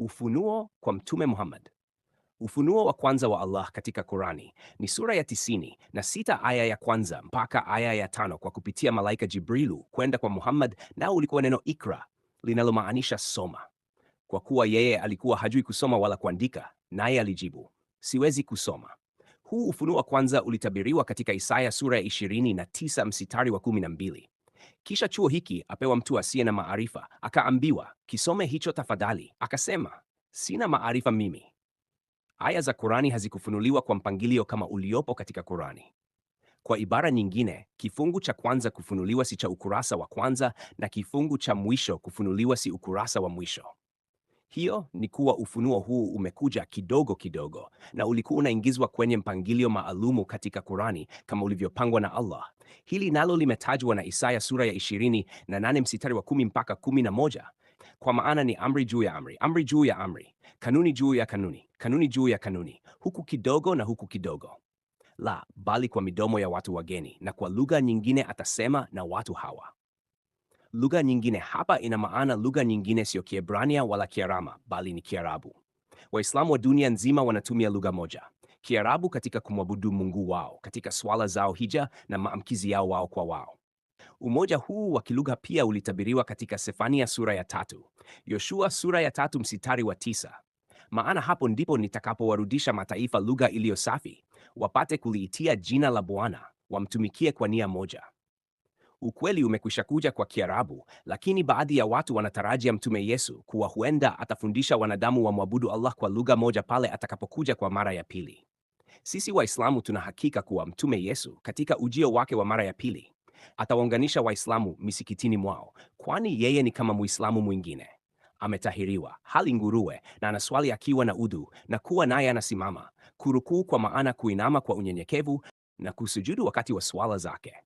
Ufunuo kwa Mtume Muhammad. Ufunuo wa kwanza wa Allah katika Qurani ni sura ya tisini na sita aya ya kwanza mpaka aya ya tano kwa kupitia malaika Jibrilu kwenda kwa Muhammad, nao ulikuwa neno ikra linalomaanisha soma. Kwa kuwa yeye alikuwa hajui kusoma wala kuandika, naye alijibu, siwezi kusoma. Huu ufunuo wa kwanza ulitabiriwa katika Isaya sura ya 29 mstari wa 12. Kisha chuo hiki apewa mtu asiye na maarifa, akaambiwa kisome hicho tafadhali. Akasema, sina maarifa mimi. Aya za Kurani hazikufunuliwa kwa mpangilio kama uliopo katika Kurani. Kwa ibara nyingine, kifungu cha kwanza kufunuliwa si cha ukurasa wa kwanza na kifungu cha mwisho kufunuliwa si ukurasa wa mwisho. Hiyo ni kuwa ufunuo huu umekuja kidogo kidogo na ulikuwa unaingizwa kwenye mpangilio maalumu katika Kurani kama ulivyopangwa na Allah. Hili nalo limetajwa na Isaya sura ya 28 mstari wa 10 mpaka 11 kwa maana ni amri juu ya amri, amri juu ya amri, kanuni juu ya kanuni, kanuni juu ya kanuni, huku kidogo na huku kidogo. La, bali kwa midomo ya watu wageni na kwa lugha nyingine atasema na watu hawa. Lugha nyingine hapa ina maana lugha nyingine, siyo Kiebrania wala Kiarama, bali ni Kiarabu. Waislamu wa dunia nzima wanatumia lugha moja, Kiarabu, katika kumwabudu Mungu wao, katika swala zao, hija na maamkizi yao wao kwa wao. Umoja huu wa kilugha pia ulitabiriwa katika Sefania sura ya tatu, Yoshua sura ya tatu msitari wa tisa, maana hapo ndipo nitakapowarudisha mataifa lugha iliyo safi, wapate kuliitia jina la Bwana, wamtumikie kwa nia moja. Ukweli umekwisha kuja kwa Kiarabu, lakini baadhi ya watu wanatarajia Mtume Yesu kuwa huenda atafundisha wanadamu wamwabudu Allah kwa lugha moja pale atakapokuja kwa mara ya pili. Sisi Waislamu tuna hakika kuwa Mtume Yesu katika ujio wake wa mara ya pili atawaunganisha Waislamu misikitini mwao, kwani yeye ni kama Muislamu mwingine. Ametahiriwa hali nguruwe, na anaswali akiwa na udhu na kuwa naye anasimama, kurukuu kwa maana kuinama kwa unyenyekevu na kusujudu wakati wa swala zake.